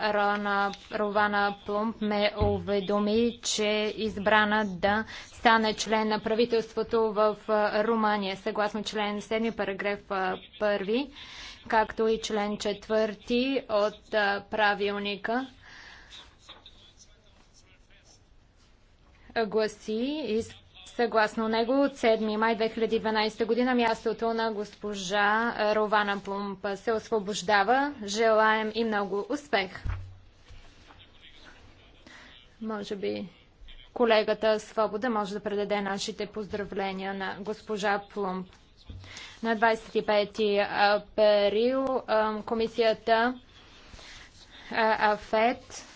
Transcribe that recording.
Рона Рована Плумп ме уведоми, че е избрана да стане член на правителството в Румъния, съгласно член 7, параграф 1, както и член 4 от правилника. Гласи, Съгласно него от 7 май 2012 година мястото на госпожа е, Рована Пумпа се освобождава. Желаем и много успех! Може би колегата Свобода може да предаде нашите поздравления на госпожа Плумп. На 25 април комисията АФЕТ